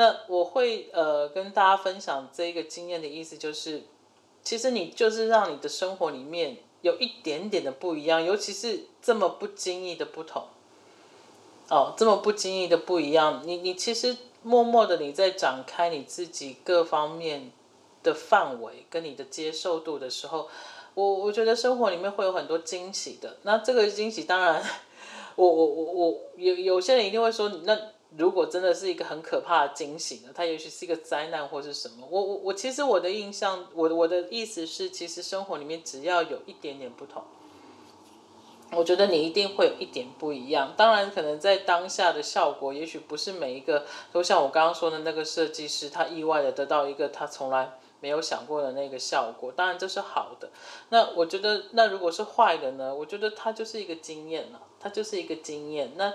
那我會呃跟大家分享這一個經驗的意思就是，其實你就是讓你的生活裡面有一點點的不一樣，尤其是這麼不經意的不同，哦，這麼不經意的不一樣，你你其實默默的你在展開你自己各方面的範圍跟你的接受度的時候，我我覺得生活裡面會有很多驚喜的。那這個驚喜當然，我我我我有有些人一定會說那。如果真的是一個很可怕的驚喜呢，它也許是一個災難或是什麼？我我我，其實我的印象，我的我的意思是，其實生活裡面只要有一點點不同，我覺得你一定會有一點不一樣。當然，可能在當下的效果，也許不是每一個都像我剛剛說的那個設計師，他意外地得到一個他從來沒有想過的那個效果。當然這是好的。那我覺得，那如果是壞的呢？我覺得它就是一個經驗了、啊，它就是一個經驗。那。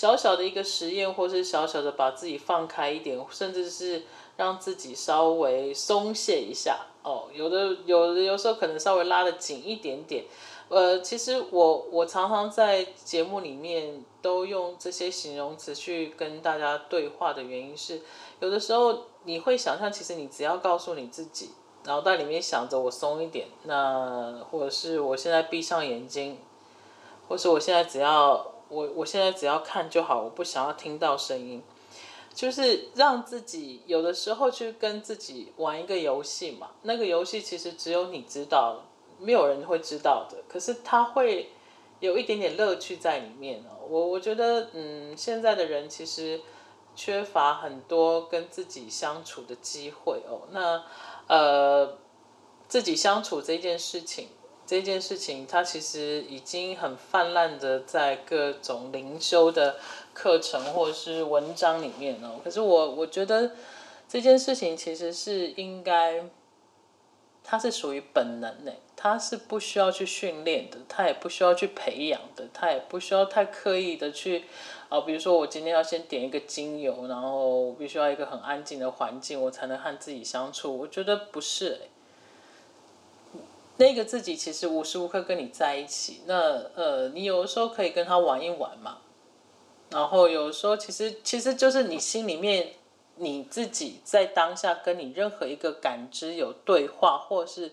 小小的一個實驗，或是小小的把自己放開一點，甚至是讓自己稍微鬆懈一下哦。有的有的有的時候可能稍微拉得緊一點點。呃，其實我我常常在節目裡面都用這些形容詞去跟大家對話的原因是，有的時候你會想象，其實你只要告訴你自己，腦袋裡面想着我鬆一點，那或者是我現在閉上眼睛，或者是我現在只要。我我現在只要看就好，我不想要聽到聲音，就是讓自己有的時候去跟自己玩一個遊戲嘛。那個遊戲其實只有你知道，沒有人會知道的。可是他會有一點點樂趣在裡面哦。我我覺得，嗯，現在的人其實缺乏很多跟自己相處的機會哦。那呃，自己相處這件事情。這件事情，它其實已經很泛濫的在各種靈修的課程或者是文章裡面哦。可是我我覺得這件事情其實是應該，它是屬於本能的，它是不需要去訓練的，它也不需要去培養的，它也不需要太刻意的去啊，比如說我今天要先點一個精油，然後我必須要一個很安靜的環境，我才能和自己相處。我覺得不是。那個自己其實無時無刻跟你在一起，那呃，你有的時候可以跟他玩一玩嘛，然後有的時候其實其實就是你心裡面，你自己在當下跟你任何一個感知有對話或是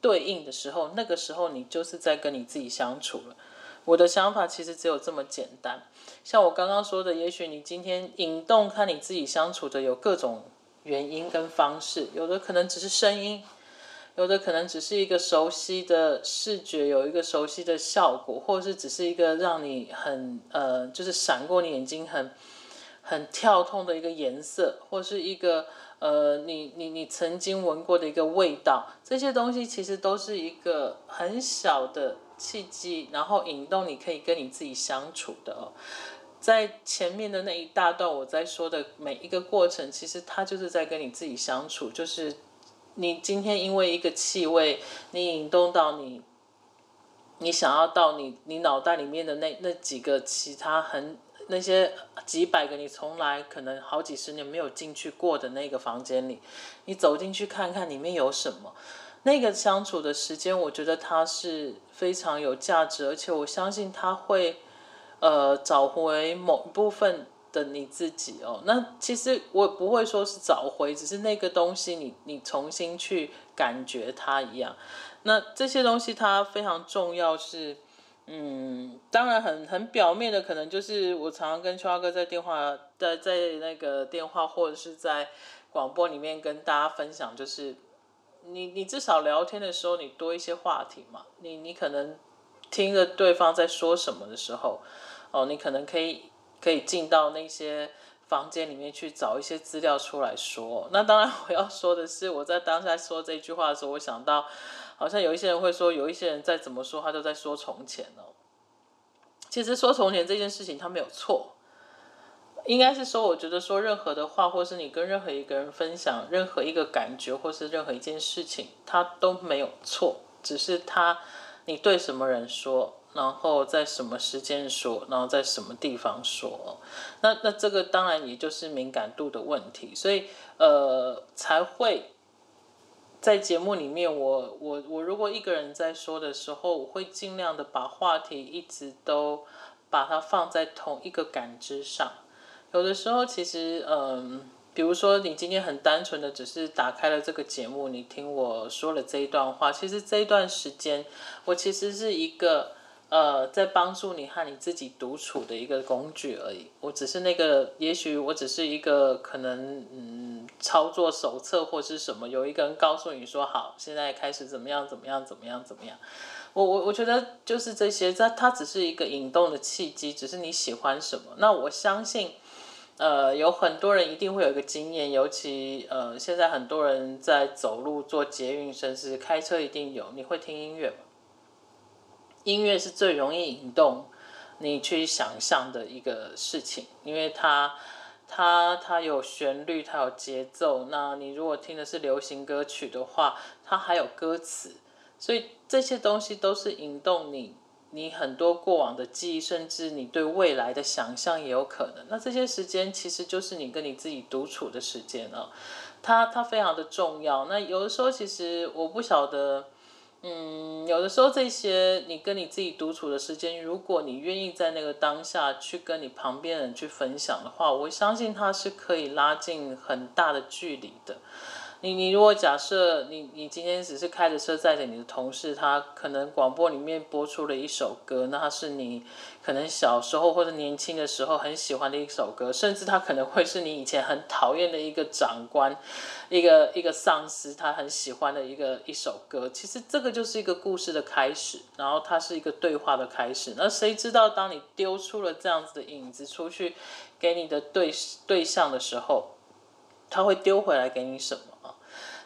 對應的時候，那個時候你就是在跟你自己相處了。我的想法其實只有這麼簡單，像我剛剛說的，也許你今天引動跟你自己相處的有各種原因跟方式，有的可能只是聲音。有的可能只是一個熟悉的視覺，有一個熟悉的效果，或者是只是一個讓你很呃，就是閃過你眼睛很很跳痛的一個顏色，或是一個呃，你你你曾經聞過的一個味道。這些東西其實都是一個很小的契機，然後引動你可以跟你自己相處的哦。在前面的那一大段我在說的每一個過程，其實它就是在跟你自己相處，就是。你今天因為一個氣味，你引動到你，你想要到你你腦袋裡面的那那幾個其他很那些幾百個你從來可能好幾十年沒有進去過的那個房間裡，你走進去看看裡面有什麼，那個相處的時間，我覺得它是非常有價值，而且我相信它會，呃，找回某部分，的你自己哦，那其實我不會說是找回，只是那個東西你你重新去感覺它一樣。那這些東西它非常重要是，是嗯，當然很很表面的，可能就是我常常跟秋花哥在電話在在那個電話或者是在廣播裡面跟大家分享，就是你你至少聊天的時候你多一些話題嘛，你你可能聽着對方在說什麼的時候，哦，你可能可以。可以進到那些房間裡面去找一些資料出來說。那當然，我要說的是，我在當下說這句話的時候，我想到，好像有一些人會說，有一些人再怎麼說，他都在說從前哦。其實說從前這件事情，他沒有錯。應該是說，我覺得說任何的話，或是你跟任何一個人分享任何一個感覺，或是任何一件事情，他都沒有錯。只是他，你對什麼人說？然後在什麼時間說，然後在什麼地方說，那那這個當然也就是敏感度的問題，所以呃才會在節目裡面我，我我我如果一個人在說的時候，我會盡量的把話題一直都把它放在同一個感知上。有的時候其實，嗯、呃，比如說你今天很單純的只是打開了這個節目，你聽我說了這一段話，其實這一段時間我其實是一個。呃，在幫助你和你自己獨處的一個工具而已。我只是那個，也許我只是一個可能，嗯，操作手冊或是什麼，有一個人告訴你說好，現在開始怎麼樣，怎麼樣，怎麼樣，怎麼樣。我我我覺得就是這些，它它只是一個引動的契機，只是你喜歡什麼。那我相信，呃，有很多人一定會有一個經驗，尤其呃，現在很多人在走路、坐捷運，甚至開車一定有。你會聽音樂音樂是最容易引動你去想象的一個事情，因為它，它，它有旋律，它有節奏。那你如果聽的是流行歌曲的話，它還有歌詞，所以這些東西都是引動你，你很多過往的記憶，甚至你對未來的想象也有可能。那這些時間其實就是你跟你自己獨處的時間了，哦，它它非常的重要。那有的時候其實我不曉得。嗯，有的時候這些，你跟你自己獨處的時間，如果你願意在那個當下去跟你旁邊人去分享的話，我相信它是可以拉近很大的距離的。你你如果假設你你今天只是開着車載着你的同事，他可能廣播裡面播出了一首歌，那他是你可能小時候或者年輕的時候很喜歡的一首歌，甚至他可能會是你以前很討厭的一個長官，一個一個上司，他很喜歡的一個一首歌。其實這個就是一個故事的開始，然後它是一個對話的開始。那誰知道當你丟出了這樣子的影子出去給你的對對象的時候，他會丟回來給你什麼？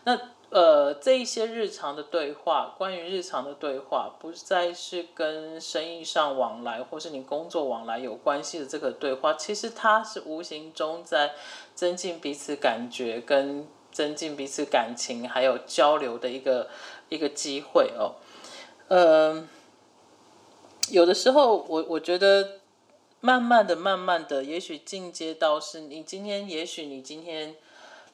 那呃，這一些日常的對話，關於日常的對話，不再是跟生意上往來或是你工作往來有關係的這個對話，其實它是無形中在增進彼此感覺，跟增進彼此感情，還有交流的一個一個機會哦。呃，有的時候我，我我覺得，慢慢的，慢慢的，也許進階到是你今天，也許你今天。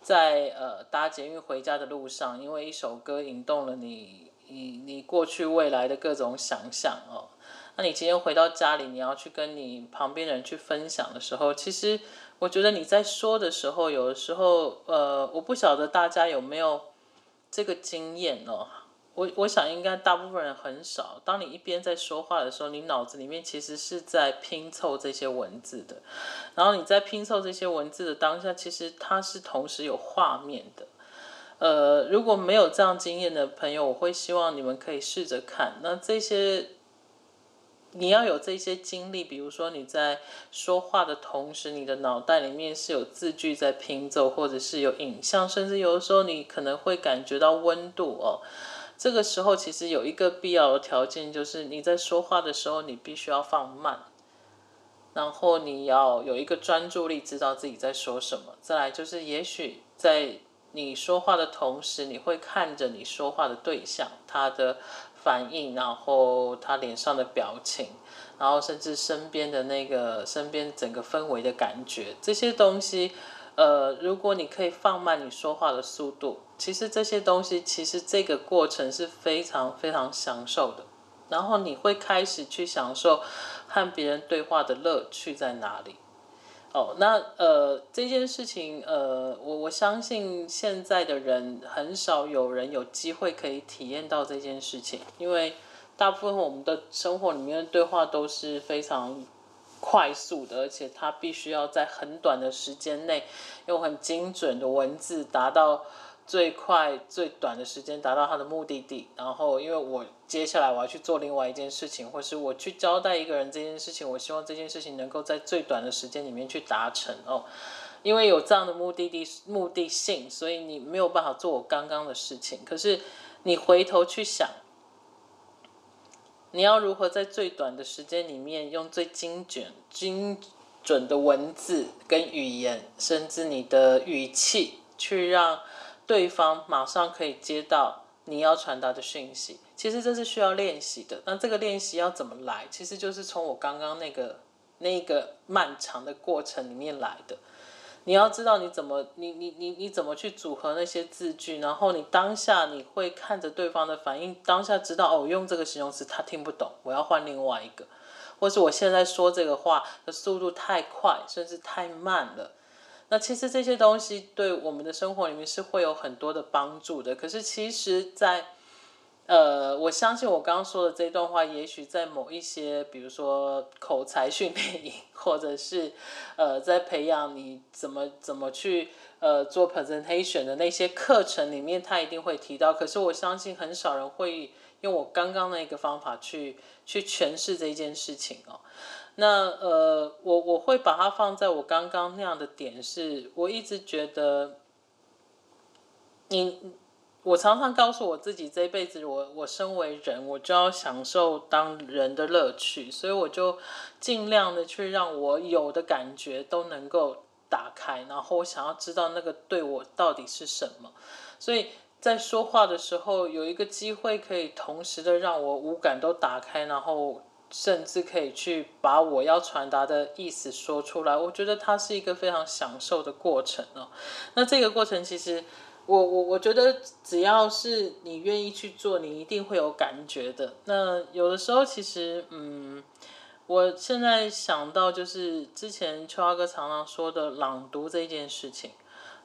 在呃搭捷運回家的路上，因為一首歌引動了你你你過去未來的各種想象哦。那你今天回到家裡，你要去跟你旁邊的人去分享的時候，其實我覺得你在說的時候，有的時候呃，我不曉得大家有沒有這個經驗哦。我我想應該大部分人很少。當你一邊在說話的時候，你腦子裡面其實是在拼湊這些文字的。然後你在拼湊這些文字的當下，其實它是同時有畫面的。呃，如果沒有這樣經驗的朋友，我會希望你們可以試着看。那這些，你要有這些經歷，比如說你在說話的同時，你的腦袋裡面是有字句在拼湊，或者是有影像，甚至有的時候你可能會感覺到溫度哦。這個時候，其實有一個必要的條件，就是你在說話的時候，你必須要放慢，然後你要有一個專注力，知道自己在說什麼。再來就是，也許在你說話的同時，你會看着你說話的對象，他的反應，然後他臉上的表情，然後甚至身邊的那個身邊整個氛圍的感覺，這些東西，呃，如果你可以放慢你說話的速度。其實這些東西，其實這個過程是非常非常享受的。然後你會開始去享受和別人對話的樂趣在哪裡？哦，那呃這件事情，呃我我相信現在的人很少有人有機會可以體驗到這件事情，因為大部分我們的生活裡面的對話都是非常快速的，而且它必須要在很短的時間內用很精準的文字達到。最快最短的時間達到他的目的地，然後因為我接下來我要去做另外一件事情，或是我去交代一個人這件事情，我希望這件事情能夠在最短的時間裡面去達成哦。因為有這樣的目的地目的性，所以你沒有辦法做我剛剛的事情。可是你回頭去想，你要如何在最短的時間裡面用最精準精準的文字跟語言，甚至你的語氣去讓。對方馬上可以接到你要傳達的訊息，其實這是需要練習的。那這個練習要怎麼來？其實就是從我剛剛那個那個漫長的過程裡面來的。你要知道你怎麼你你你你怎麼去組合那些字句，然後你當下你會看着對方的反應，當下知道哦，用這個形容詞他聽不懂，我要換另外一個，或是我現在說這個話的速度太快，甚至太慢了。那其實這些東西對我們的生活裡面是會有很多的幫助的。可是其實在，在呃，我相信我剛剛說的這段話，也許在某一些，比如說口才訓練營，或者是呃，在培養你怎麼怎麼去呃做 presentation 的那些課程裡面，他一定會提到。可是我相信很少人會用我剛剛那個方法去去詮釋這件事情哦。那呃，我我會把它放在我剛剛那樣的點是，是我一直覺得，你我常常告訴我自己這一輩子我，我我身為人，我就要享受當人的樂趣，所以我就盡量的去讓我有的感覺都能夠打開，然後我想要知道那個對我到底是什麼，所以在說話的時候有一個機會可以同時的讓我五感都打開，然後，甚至可以去把我要傳達的意思說出來，我覺得它是一個非常享受的過程哦。那這個過程其實我，我我我覺得只要是你願意去做，你一定會有感覺的。那有的時候其實，嗯，我現在想到就是之前秋華哥常常說的朗讀這件事情。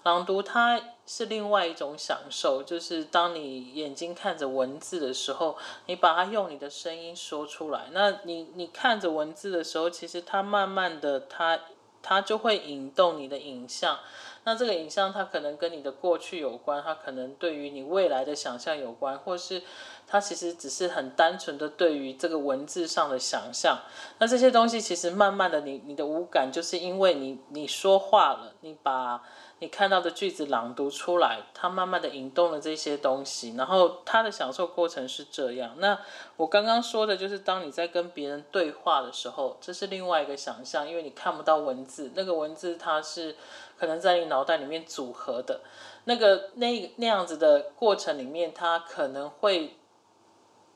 朗讀它是另外一種享受，就是當你眼睛看着文字的時候，你把它用你的聲音說出來。那你你看着文字的時候，其實它慢慢的，它它就會引動你的影像。那這個影像，它可能跟你的過去有關，它可能對於你未來的想象有關，或是它其實只是很單純的對於這個文字上的想象。那這些東西其實慢慢的你，你你的五感就是因為你你說話了，你把你看到的句子朗讀出來，它慢慢的引動了這些東西，然後它的享受過程是這樣。那我剛剛說的就是，當你在跟別人對話的時候，這是另外一個想象，因為你看不到文字，那個文字它是可能在你腦袋裡面組合的，那個那那樣子的過程裡面，它可能會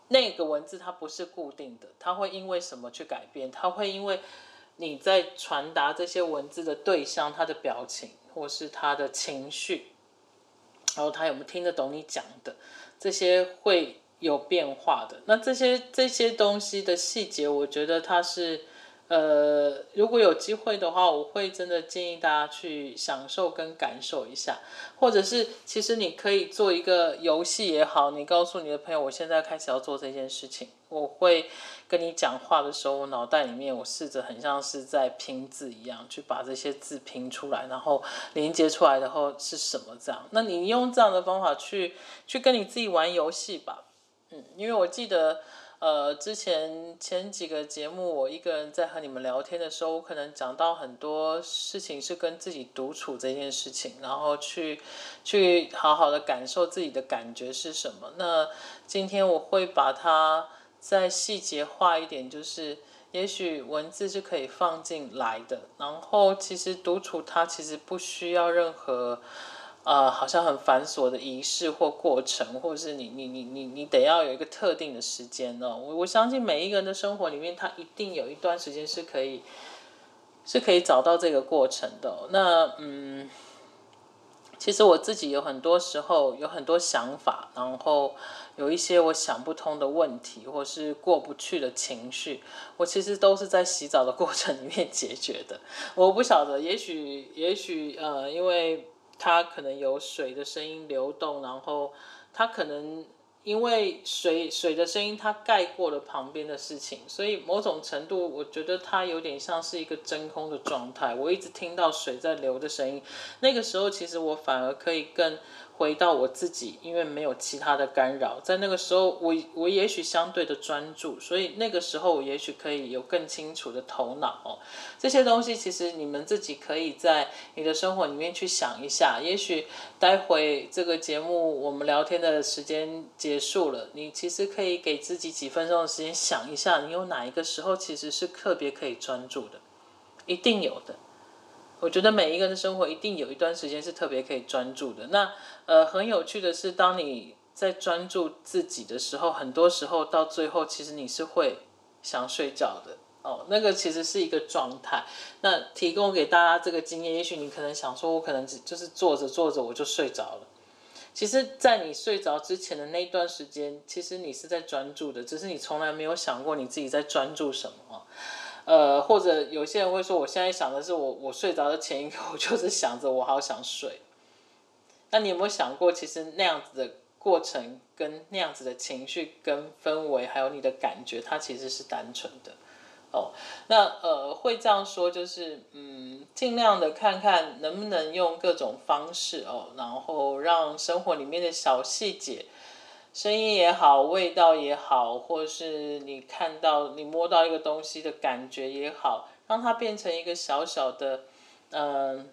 那個文字它不是固定的，它會因為什麼去改變？它會因為你在傳達這些文字的對象，它的表情。或是他的情緒，然後他有沒有聽得懂你講的，這些會有變化的。那這些這些東西的細節，我覺得他是。呃，如果有機會的話，我會真的建議大家去享受跟感受一下，或者是其實你可以做一個遊戲也好，你告訴你的朋友，我現在開始要做這件事情，我會跟你講話的時候，我腦袋裡面我試着很像是在拼字一樣，去把這些字拼出來，然後連接出來，然後是什麼這樣？那你用這樣的方法去去跟你自己玩遊戲吧，嗯，因為我記得。呃，之前前幾個節目，我一個人在和你們聊天的時候，我可能講到很多事情是跟自己獨處這件事情，然後去去好好的感受自己的感覺是什麼。那今天我會把它再細節化一點，就是也許文字是可以放進來的，然後其實獨處它其實不需要任何。呃，好像很繁瑣的儀式或過程，或是你你你你你得要有一個特定的時間哦。我我相信每一個人的生活裡面，他一定有一段時間是可以，是可以找到這個過程的哦。那嗯，其實我自己有很多時候有很多想法，然後有一些我想不通的問題，或是過不去的情緒，我其實都是在洗澡的過程裡面解決的。我不曉得，也許也許呃，因為。它可能有水的聲音流動，然後它可能因為水水的聲音，它蓋過了旁邊的事情，所以某種程度，我覺得它有點像是一個真空的狀態。我一直聽到水在流的聲音，那個時候其實我反而可以更。回到我自己，因為沒有其他的干擾，在那個時候，我我也許相對的專注，所以那個時候我也許可以有更清楚的頭腦哦。這些東西其實你們自己可以在你的生活裡面去想一下。也許待會這個節目我們聊天的時間結束了，你其實可以給自己幾分鐘的時間想一下，你有哪一個時候其實是特別可以專注的，一定有的。我覺得每一個人的生活一定有一段時間是特別可以專注的。那呃，很有趣的是，當你在專注自己的時候，很多時候到最後，其實你是會想睡覺的。哦，那個其實是一個狀態。那提供給大家這個經驗，也許你可能想說，我可能只就是坐着坐着我就睡着了。其實，在你睡着之前的那段時間，其實你是在專注的，只是你從來沒有想過你自己在專注什麼。呃，或者有些人會說，我現在想的是我，我我睡着的前一刻，我就是想着我好想睡。那你有沒有想過，其實那樣子的過程，跟那樣子的情緒，跟氛圍，還有你的感覺，它其實是單純的。哦，那呃，會這樣說，就是嗯，儘量的看看能不能用各種方式哦，然後讓生活裡面的小細節。聲音也好，味道也好，或是你看到、你摸到一個東西的感覺也好，讓它變成一個小小的，嗯、呃，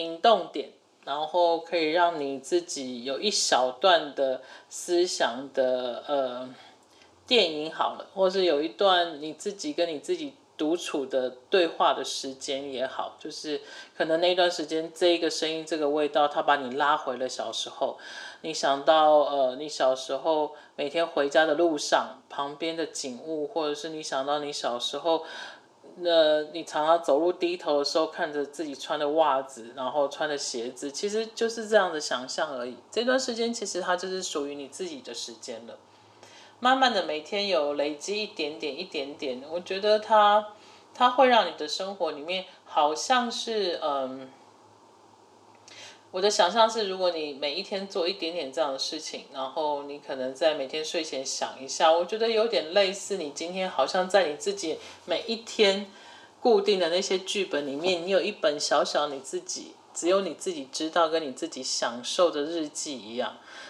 引動點，然後可以讓你自己有一小段的思想的呃電影好了，或是有一段你自己跟你自己。獨處的對話的時間也好，就是可能那段時間，這個聲音、這個味道，它把你拉回了小時候。你想到呃，你小時候每天回家的路上旁邊的景物，或者是你想到你小時候，那、呃、你常常走路低頭的時候看着自己穿的襪子，然後穿的鞋子，其實就是這樣的想象而已。這段時間其實它就是屬於你自己的時間了。慢慢的，每天有累積一點點，一點點。我覺得它，它會讓你的生活裡面好像是，嗯，我的想象是，如果你每一天做一點點這樣的事情，然後你可能在每天睡前想一下，我覺得有點類似你今天好像在你自己每一天固定的那些劇本裡面，你有一本小小你自己只有你自己知道跟你自己享受的日記一樣。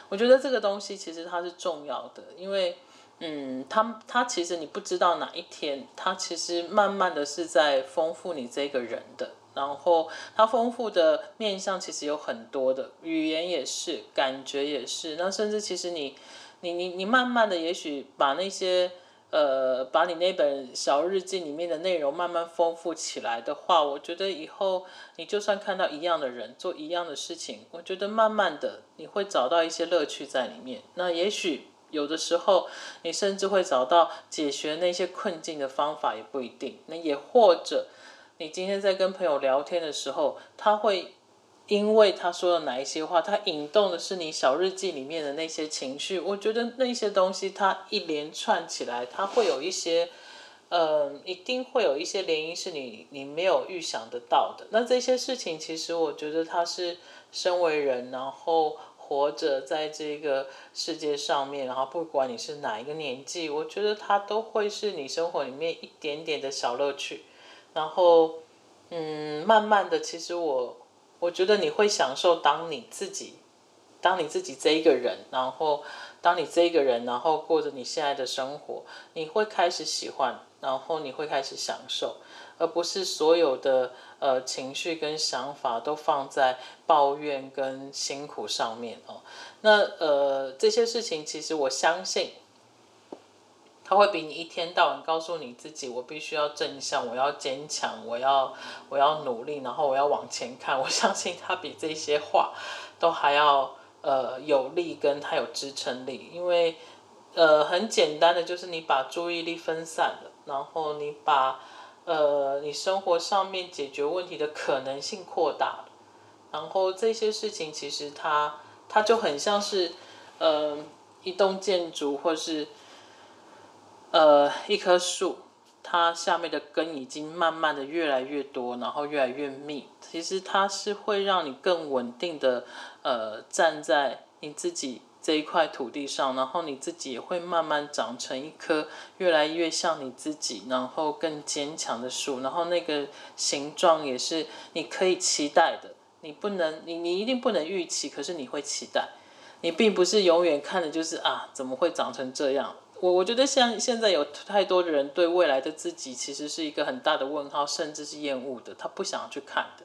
我覺得這個東西其實它是重要的，因為，嗯，它它其實你不知道哪一天，它其實慢慢的是在豐富你這個人的，然後它豐富的面向其實有很多的，語言也是，感覺也是，那甚至其實你，你你你慢慢的也許把那些。呃，把你那本小日記裡面的內容慢慢豐富起來的話，我覺得以後你就算看到一樣的人做一樣的事情，我覺得慢慢的你會找到一些樂趣在裡面。那也許有的時候你甚至會找到解決那些困境的方法，也不一定。那也或者你今天在跟朋友聊天的時候，他會。因為他說的哪一些話，他引動的是你小日記裡面的那些情緒。我覺得那些東西，它一連串起來，它會有一些，嗯、呃，一定會有一些原因是你你沒有預想得到的。那這些事情，其實我覺得他是身為人，然後活着在這個世界上面，然後不管你是哪一個年紀，我覺得他都會是你生活裡面一點點的小樂趣。然後，嗯，慢慢的，其實我。我覺得你會享受當你自己，當你自己這一個人，然後當你這一個人，然後過着你現在的生活，你會開始喜歡，然後你會開始享受，而不是所有的呃情緒跟想法都放在抱怨跟辛苦上面哦。那呃這些事情，其實我相信。他會比你一天到晚告訴你自己，我必須要正向，我要堅強，我要我要努力，然後我要往前看。我相信他比這些話，都還要呃有力，跟他有支撐力。因為呃很簡單的，就是你把注意力分散了，然後你把呃你生活上面解決問題的可能性擴大了。然後這些事情其實它它就很像是呃一棟建築或是。呃，一棵樹，它下面的根已經慢慢的越來越多，然後越來越密。其實它是會讓你更穩定的，呃，站在你自己這一塊土地上，然後你自己也會慢慢長成一棵越來越像你自己，然後更堅強的樹。然後那個形狀也是你可以期待的，你不能，你你一定不能預期，可是你會期待。你並不是永遠看的就是啊，怎麼會長成這樣？我我覺得，像現在有太多的人對未來的自己，其實是一個很大的問號，甚至是厭惡的，他不想去看的。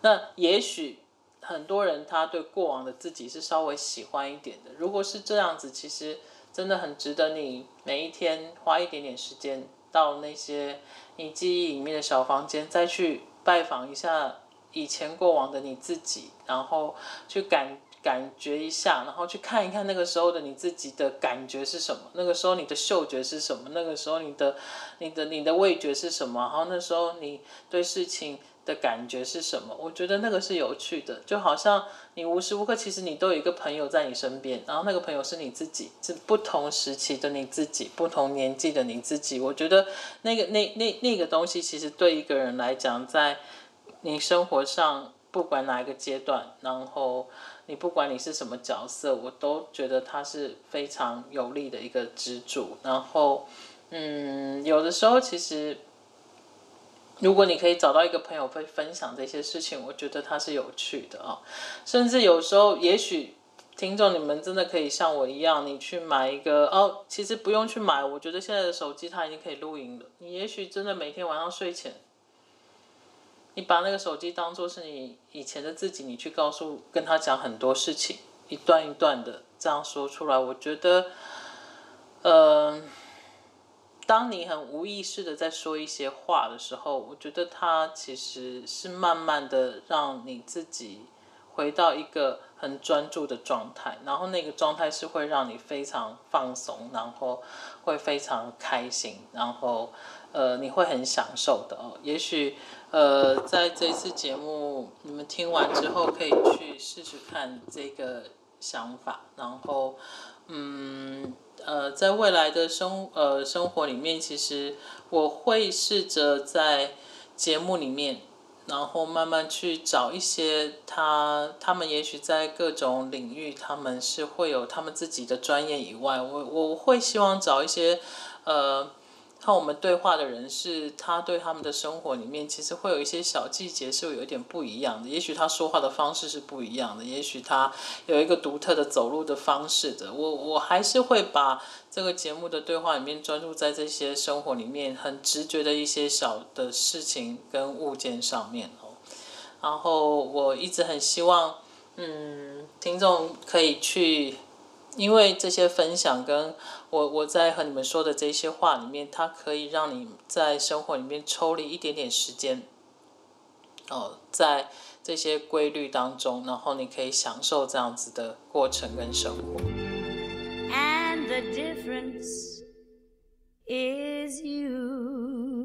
那也許很多人，他對過往的自己是稍微喜歡一點的。如果是這樣子，其實真的很值得你每一天花一點點時間，到那些你記憶裡面的小房間，再去拜訪一下以前過往的你自己，然後去感。感覺一下，然後去看一看那個時候的你自己的感覺是什麼，那個時候你的嗅覺是什麼，那個時候你的、你的、你的味覺是什麼，然後那時候你對事情的感覺是什麼？我覺得那個是有趣的，就好像你無時無刻其實你都有一個朋友在你身邊，然後那個朋友是你自己，是不同時期的你自己，不同年紀的你自己。我覺得那個那那那，那個東西其實對一個人來講，在你生活上不管哪一個階段，然後。你不管你是什麼角色，我都覺得他是非常有力的一個支柱。然後，嗯，有的時候其實，如果你可以找到一個朋友會分享這些事情，我覺得它是有趣的啊、哦。甚至有時候，也許聽眾你們真的可以像我一樣，你去買一個哦。其實不用去買，我覺得現在的手機它已經可以錄音了。你也許真的每天晚上睡前。你把那個手機當做是你以前的自己，你去告訴跟他講很多事情，一段一段的這樣說出來，我覺得，呃，當你很無意識的在說一些話的時候，我覺得它其實是慢慢的讓你自己回到一個。很專注的狀態，然後那個狀態是會讓你非常放鬆，然後會非常開心，然後呃，你會很享受的哦。也許呃，在這次節目你們聽完之後，可以去試試看這個想法。然後嗯呃，在未來的生活呃生活裡面，其實我會試着在節目裡面。然後慢慢去找一些他，他們也許在各種領域，他們是會有他們自己的專業以外，我我我會希望找一些，呃。看我們對話的人是，他對他們的生活裡面，其實會有一些小細節是有一點不一樣的。也許他說話的方式是不一樣的，也許他有一個獨特的走路的方式的我。我我還是會把這個節目的對話裡面專注在這些生活裡面很直覺的一些小的事情跟物件上面。然後我一直很希望，嗯，聽眾可以去。因為這些分享跟我我在和你們說的這些話裡面，它可以讓你在生活裡面抽離一點點時間，哦，在這些規律當中，然後你可以享受這樣子的過程跟生活。And the difference is you.